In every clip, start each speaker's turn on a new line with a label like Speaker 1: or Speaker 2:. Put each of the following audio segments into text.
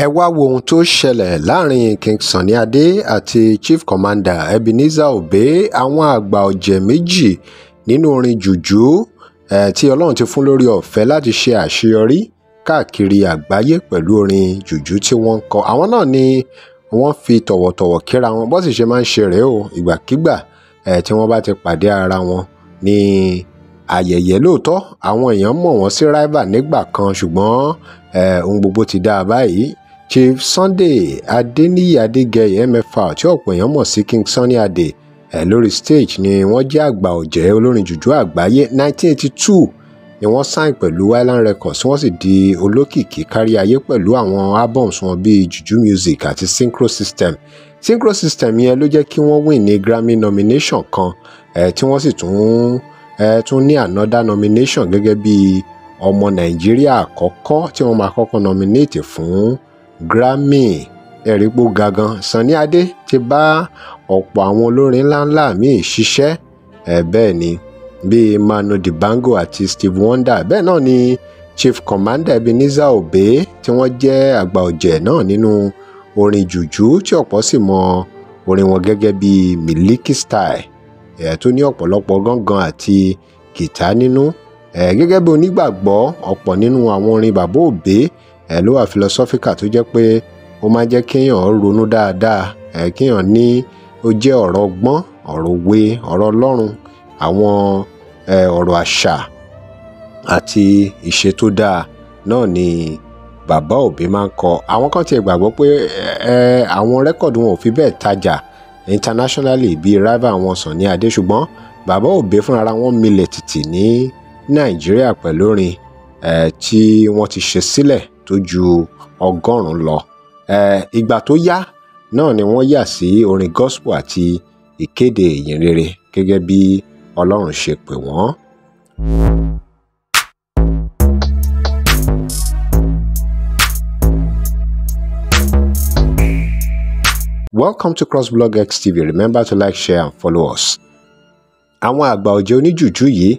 Speaker 1: ẹ wá wo ohun tó ṣẹlẹ̀ láàrin king Sunny Adé àti chief commander Ebenezer Obe àwọn àgbà ọ̀jẹ̀ méjì nínú orin jùjú ẹ̀ tí ọlọ́run ti fún lórí ọ̀fẹ́ láti ṣe àṣeyọrí káàkiri àgbáyé pẹ̀lú orin jùjú tí wọ́n ń àwọn náà ni wọ́n fi tọ̀wọ̀tọ̀wọ̀ kíra wọn bó sì ṣe máa ń ṣe rèé o ìgbàkigbà ẹ̀ tí wọ́n bá ti pàdé ara wọn ní ayẹyẹ lóòótọ́ àwọn èèyàn mọ̀ wọ́n sí rival nígbà kan ṣùgbọ́n ohun gbogbo ti dáa báyìí Chief Sunday Adeniyi Adegeye mfa tí ọ̀pọ̀ èèyàn mọ̀ sí King Sunny Ade ẹ̀ lórí stage ni wọ́n jẹ́ àgbà ọ̀jẹ̀ olórin jùjú àgbáyé 1982 ni wọ́n sign pẹ̀lú Island Records wọ́n sì di olókìkí kárí ayé pẹ̀lú àwọn albums wọn bíi Juju Music àti Synchro System Synchro System yẹn ló jẹ́ kí wọ́n win ní Grammy nomination kan ẹ̀ tí wọ́n sì tún ẹ̀ tún ní another nomination gẹ́gẹ́ bí ọmọ Nàìjíríà àkọ́kọ́ tí wọ́n máa kọ́kọ́ nominate fún grammy ẹ̀rípò gangan Sunny Adé ti bá ọ̀pọ̀ àwọn olórin ńláńlá míì ṣiṣẹ́ ẹ̀ bẹ́ẹ̀ ni bíi Manu Dibango àti Steve Wonder bẹ́ẹ̀ náà ni Chief Commander Ebenezer Obey tí wọ́n jẹ́ àgbà ọ̀jẹ̀ náà nínú orin jùjú tí ọ̀pọ̀ sì mọ orin wọn gẹ́gẹ́ bíi Miliki Style ẹ̀ tó ní ọ̀pọ̀lọpọ̀ gángan àti kìtá nínú ẹ̀ gẹ́gẹ́ bí onígbàgbọ́ ọ̀pọ̀ nínú àwọn orin bàbá Obey ẹ̀ ló wà philosophical tó jẹ́ pé ó máa ń jẹ́ kéèyàn ronú dáadáa ẹ̀ kéèyàn ní ó jẹ́ ọ̀rọ̀ ọgbọ́n ọ̀rọ̀ òwe ọ̀rọ̀ ọlọ́run àwọn ọ̀rọ̀ àṣà àti ìṣe tó dáa náà ni bàbá òbí máa ń kọ àwọn kan ti gbàgbọ́ pé àwọn rẹ́kọ̀dù wọn ò fi bẹ́ẹ̀ tajà internationally bíi rival wọn Sunny Adé ṣùgbọ́n bàbá òbí fúnra wọn milẹ̀ tìtì ní Nàìjíríà pẹ̀lú orin tí wọ́n ti ṣe sílẹ̀ tó ju ọgọ́rùn-ún lọ ìgbà tó yá náà ni wọ́n yà sí orin gospel àti ìkéde ìyìn gẹ́gẹ́ bí ọlọ́run ṣe pè wọ́n. Welcome to crossblog xtv remember to like share and follow us. àwọn àgbà ọ̀jẹ̀ oníjùjú yìí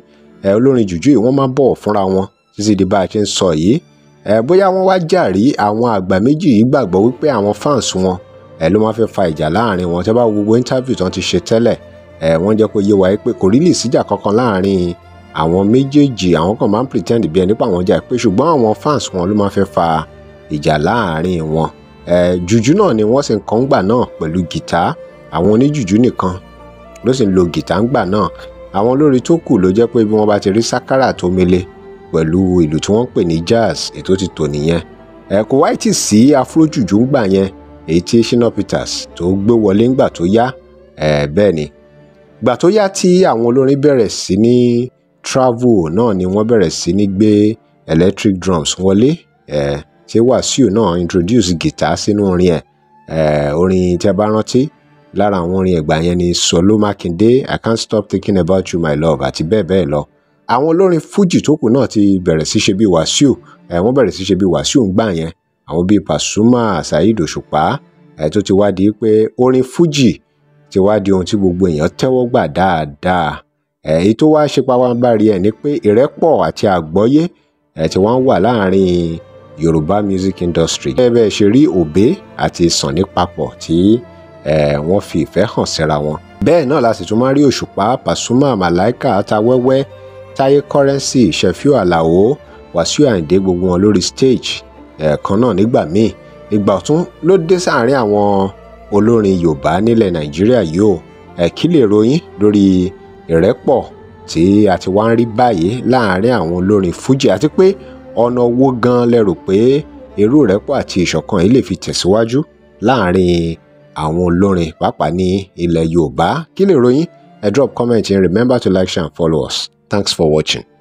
Speaker 1: ẹ̀ olórin jùjú yìí wọ́n máa ń fúnra wọn títí di bá a ṣe ń sọ yìí ẹ bóyá wọ́n wá jàrí àwọn àgbà méjì yìí gbàgbọ́ wípé àwọn fans wọn ẹ ló máa fẹ́ fa ìjà láàrin wọn tẹ́ bá gbogbo interview tán ti ṣe tẹ́lẹ̀ ẹ wọ́n jẹ́ kó yé wa pé kò rí lè síjà kankan láàrin àwọn méjèèjì àwọn kan máa ń pretend bí ẹni pé àwọn jà pé ṣùgbọ́n àwọn fans wọn ló máa fẹ́ fa ìjà láàrin wọn ẹ jùjú náà ni wọ́n sì ń kàn gbà náà pẹ̀lú gìtá àwọn oníjùjú nìkan ló sì ń lo gìtá ń gbà náà àwọn olórin tó kù ló jẹ́ pé bí wọ́n bá ti rí sákárà tó mele pẹ̀lú ìlú tí wọ́n ń pè ní jazz ètò ti tò nìyẹn ẹ kò wáyé tì sí afrojuju ń gbà yẹn èyí tí Shina Peters tó gbé wọlé ńgbà tó yá bẹ́ẹ̀ ni gbà tó yá tí àwọn olórin bẹ̀rẹ̀ sí ní travel náà ni wọ́n bẹ̀rẹ̀ sí ní gbé electric drums wọlé ẹ ṣé Wàsíù náà introduce guitar sínú orin ẹ orin tí a bá rántí lára àwọn orin ẹ̀gbà yẹn ni Solo Makinde I can't stop thinking about you my love àti bẹ́ẹ̀ bẹ́ẹ̀ lọ àwọn olórin fuji tó kù náà ti bẹ̀rẹ̀ sí ṣe bí wàsíù ẹ̀ wọ́n bẹ̀rẹ̀ sí ṣe bí wàsíù ń gbà yẹn àwọn bíi pasuma saheed òṣùpá ẹ̀ tó ti wá di pé orin fuji ti wá di ohun tí gbogbo èèyàn tẹ́wọ́ gbà dáadáa èyí tó wá ṣe pàwámbárí ẹ̀ ni pé ìrẹ́pọ̀ àti àgbọ́yé ẹ̀ tí wọ́n wà láàárín yorùbá music industry. ẹ bẹ́ẹ̀ ṣe rí òbé àti sànni papọ̀ tí wọ́n fi ìfẹ́ hàn síra wọn. bẹ́ẹ̀ náà la sì tún máa rí òṣùpá pàṣùmá màláìkà àtàwẹ́wẹ́ táyé kọ́rẹ́nsì ṣẹ̀fíù àlàó wàsíù àyìndé gbogbo wọn lórí stage ẹ̀ẹ̀kan náà nígbà míì ìgbà ọ̀tún ló dé sáàrin àwọn olórin yorùbá nílẹ̀ nàìjíríà yìí o ẹ kí lè ròyìn lórí ìrẹ́pọ̀ tí a ti wá ń rí báyìí láàrin àwọn olórin fújì àti pé ọ̀nà wo gan lẹ rò pé irú ìrẹ́pọ̀ àti ìṣọ̀kan yìí lè fi tẹ̀síwájú láàrin àwọn olórin pàápàá ní ilẹ̀ yorùbá kí lè ròyìn ẹ drop comment in. remember to like share and follow us. Thanks for watching.